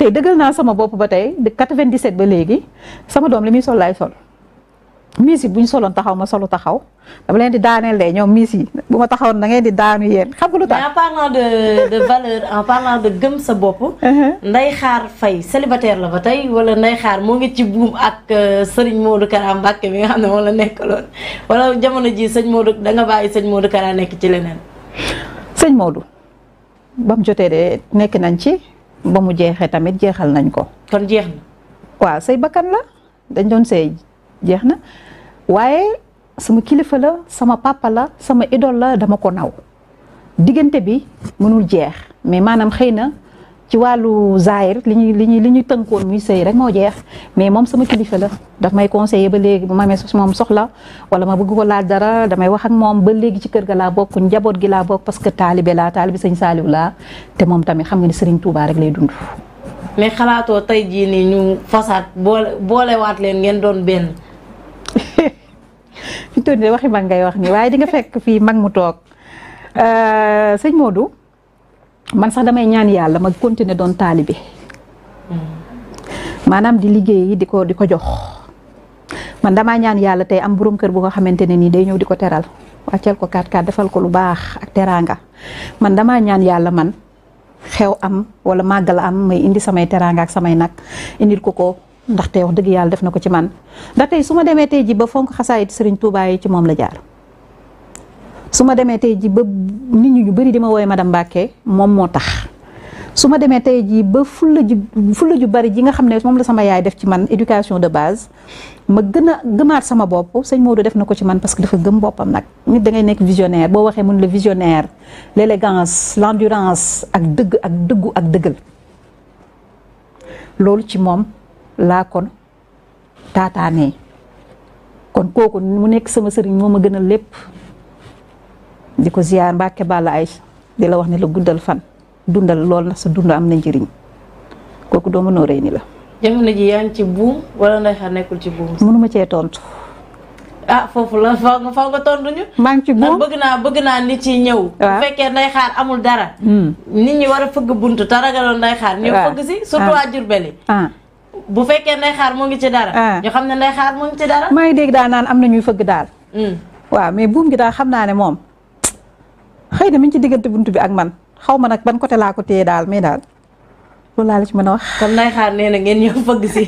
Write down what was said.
tey dëggal naa sama bopp ba tey de 97 ba léegi sama doom li muy sol laay sol miis yi soloon taxaw ma solo taxaw dama leen di daaneel de ñoom miis yi bu ma taxawoon da ngeen di daanu yéen xam nga lu de valeur en parlant de gëm sa bopp. Uh-huh. Ndeye xaar Faye célibataire la ba tey wala Ndeye xaar moo ngi ci buum ak euh, Serigne Modou Kara Mbacké bi nga xam ne moom la nekk nekkaloon wala jamono ji sëñ Modou da nga bàyyi sëñ Modou Kara nekk ci leneen. sëñ Modou bam jotee de nekk nañ ci. ba mu jeexee tamit jeexal nañ ko. kon jeex na. waaw sëy bakkan la dañ doon sëy jeex na waaye sama kilifa la sama papa sama idole dama ko naw diggante bi mënul jeex mais maanaam xëy na. ci wàllu zaahir li ñuy li ñuy li ñuy tënkoon muy sëy rek moo jeex mais moom sama kilifa la daf may conseiller ba léegi bu ma amee moom soxla wala ma bëgg ko laaj dara damay wax ak moom ba léegi ci kër ga laa bokk njaboot gi laa bokk parce que taalibe laa taalibe sëñ Saaliw laa te moom tamit xam nga ni Serigne Touba rek lay dund. mais xalaatoo tey jii nii ñu fasaat boole boolewaat leen ngeen doon benn. fi mu toll nii waxi mag ngay wax nii waaye di nga fekk fii mag mu toog euh, sëñ Modou. man sax damay ñaan yàlla mag continuer doon taalibe mm. maanaam di liggéey di ko di ko jox man damaa ñaan yàlla tey am borom kër bu ko xamante ne nii day ñëw di ko teral wàcceel ko kaat kaat defal ko lu baax ak teraanga man damaa ñaan yàlla man xew am wala màggal am may indi samay teraanga samay nag indi ko ko ndaxte wax dëgg yàlla def na ko ci man ndax tey su demee tey ji ba fonk xasaayit Serigne Touba yi ci moom la jaar. su ma demee tey ji ba nit ñi ñu bëri di ma woowee madame Mbacké moom moo tax su ma demee tey jii ba fulla ju fulla ju bari ji nga xam ne moom la sama yaay def ci man éducation de base ma gën a gëmaat sama bopp sëñ Maodo def na ko ci man parce que dafa gëm boppam nag nit da nekk visionnaire boo waxee mun la visionnaire l'élégance l'endurance ak dëgg ak dëggu ak dëggal loolu ci moom laa kon taataanee kon kooku mu nekk sama sëriñ moom ma gën a lépp di ko ziyaar Mbàkke Balla ay di la wax ne la guddal fan dundal lool na sa dund am na njëriñ kooku doo mënoo rëy ni la. jamono ji yaa ngi ci buum wala Ndeye Khane nekkul ci buum. mënuma cee tontu. ah foofu la faaw nga nga tontu ñu. maa ngi ci bëgg naa bëgg naa nit ci ñëw. bu fekkee Ndeye amul dara. Hmm. nit ñi war a fëgg buntu te ragaloon Ndeye Khane. ñëw fëgg si surtout ah. waa Jurbel ah. bu fekkee Ndeye Khane mu ngi ci dara. Ah. ñu xam ne Ndeye Khane mu ngi ci dara. maa dégg daal naan am na ñuy fëgg daal. Hmm. waaw mais buum gi daal xam naa ne moom xëy na mi ngi ci diggante buntu bi ak man xaw ma nag ban côté laa ko daal mais daal loolu laa la ci mën a wax. kon nay xaar nee na ngeen ñëw fëgg si.